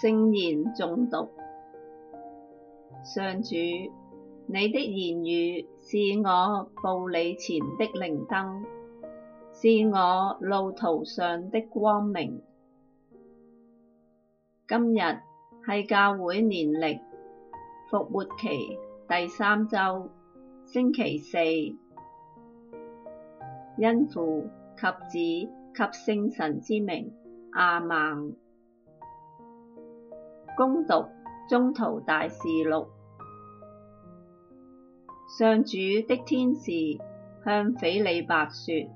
聖言誦讀。上主，你的言語是我步履前的靈燈，是我路途上的光明。今日係教會年曆復活期第三周，星期四，因父及子及聖神之名，阿們。恭讀宗徒大事錄，上主的天使向斐理伯説：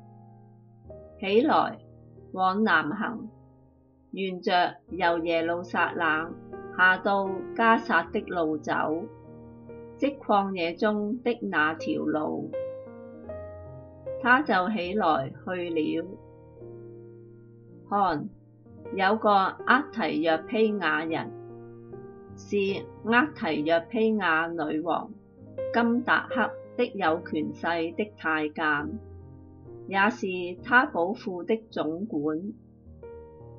起來，往南行，沿着由耶路撒冷下到迦薩的路走，即曠野中的那條路。他就起來去了。看，有個厄提約丕雅人。是厄提約丕雅女王甘達刻的有權勢的太監，也是他寶庫的總管。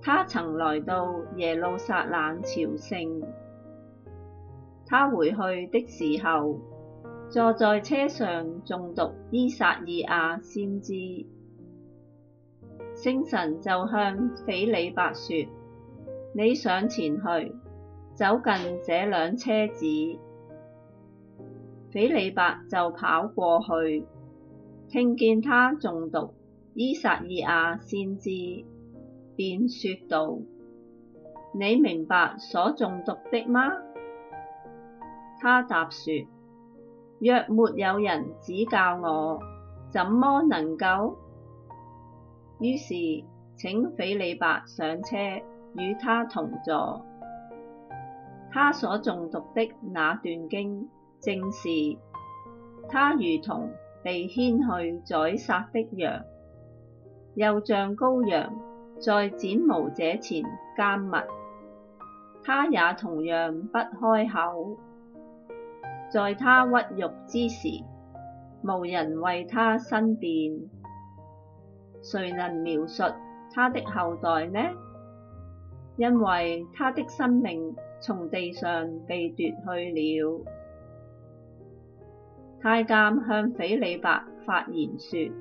他曾來到耶路撒冷朝聖。他回去的時候，坐在車上誦讀依撒意亞先知。聖神就向斐理伯說：「你上前去。走近這輛車子，斐理伯就跑過去，聽見他誦讀《依撒意亞先知》，便説道：你明白所誦讀的嗎？他答説：若沒有人指教我，怎麼能夠？於是請斐理伯上車，與他同坐。他所誦讀的那段經，正是他如同被牽去宰殺的羊，又像羔羊在剪毛者前緘默。他也同樣不開口，在他屈辱之時，無人為他申辯。誰能描述他的後代呢？因為他的生命，從地上被奪去了。太監向斐理伯發言說：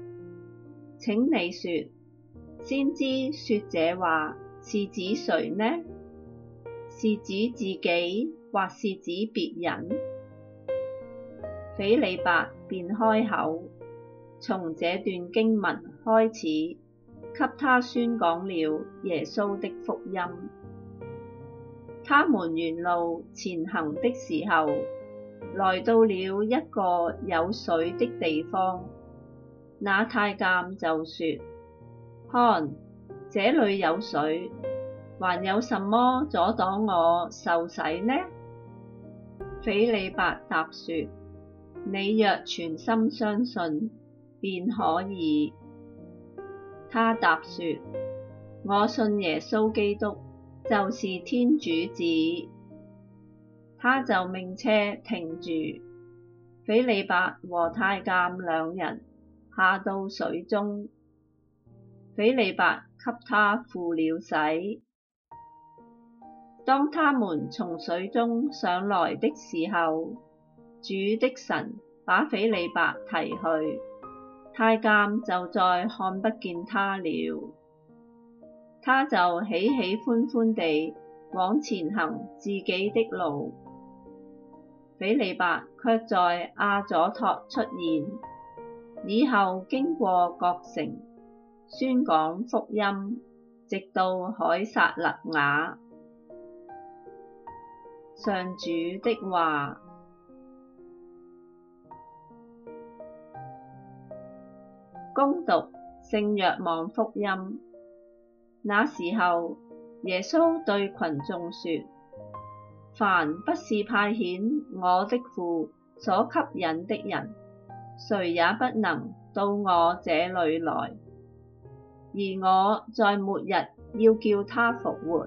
「請你說，先知說這話是指誰呢？是指自己或是指別人？」斐理伯便開口，從這段經文開始，給他宣講了耶穌的福音。他們沿路前行的時候，來到了一個有水的地方。那太監就說：看，這裡有水，還有什麼阻擋我受洗呢？斐理伯答說：你若全心相信，便可以。他答說：我信耶穌基督，就是天主子。他就命車停住，斐理伯和太監兩人下到水中，斐理伯給他付了洗。當他們從水中上來的時候，主的神把斐理伯提去，太監就再看不見他了。他就喜喜歡歡地往前行自己的路，斐理伯卻在阿左托出現以後，經過各城，宣講福音，直到凱撒勒雅。上主的話，恭讀聖若望福音。那時候，耶穌對群眾說：凡不是派遣我的父所吸引的人，誰也不能到我這裏來。而我在末日要叫他復活。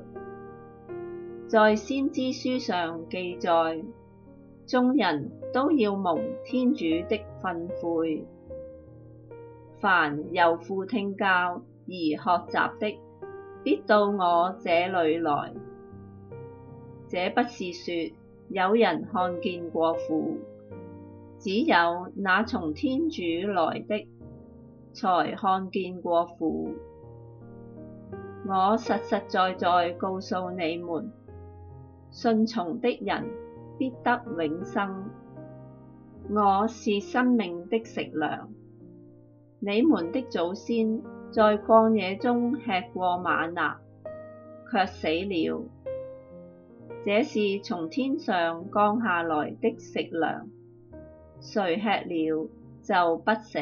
在先知書上記載，眾人都要蒙天主的訓誨。凡由父聽教而學習的，必到我這裏來。這不是說有人看見過父，只有那從天主來的才看見過父。我實實在在告訴你們，信從的人必得永生。我是生命的食糧，你們的祖先。在曠野中吃過瑪納，却死了。這是從天上降下來的食糧，誰吃了就不死。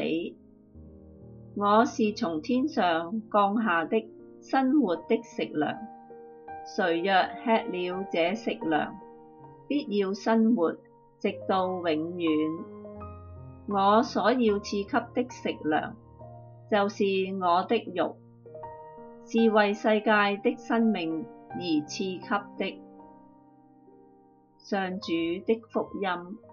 我是從天上降下的生活的食糧，誰若吃了這食糧，必要生活直到永遠。我所要賜給的食糧。就是我的肉，是為世界的生命而賜給的。上主的福音。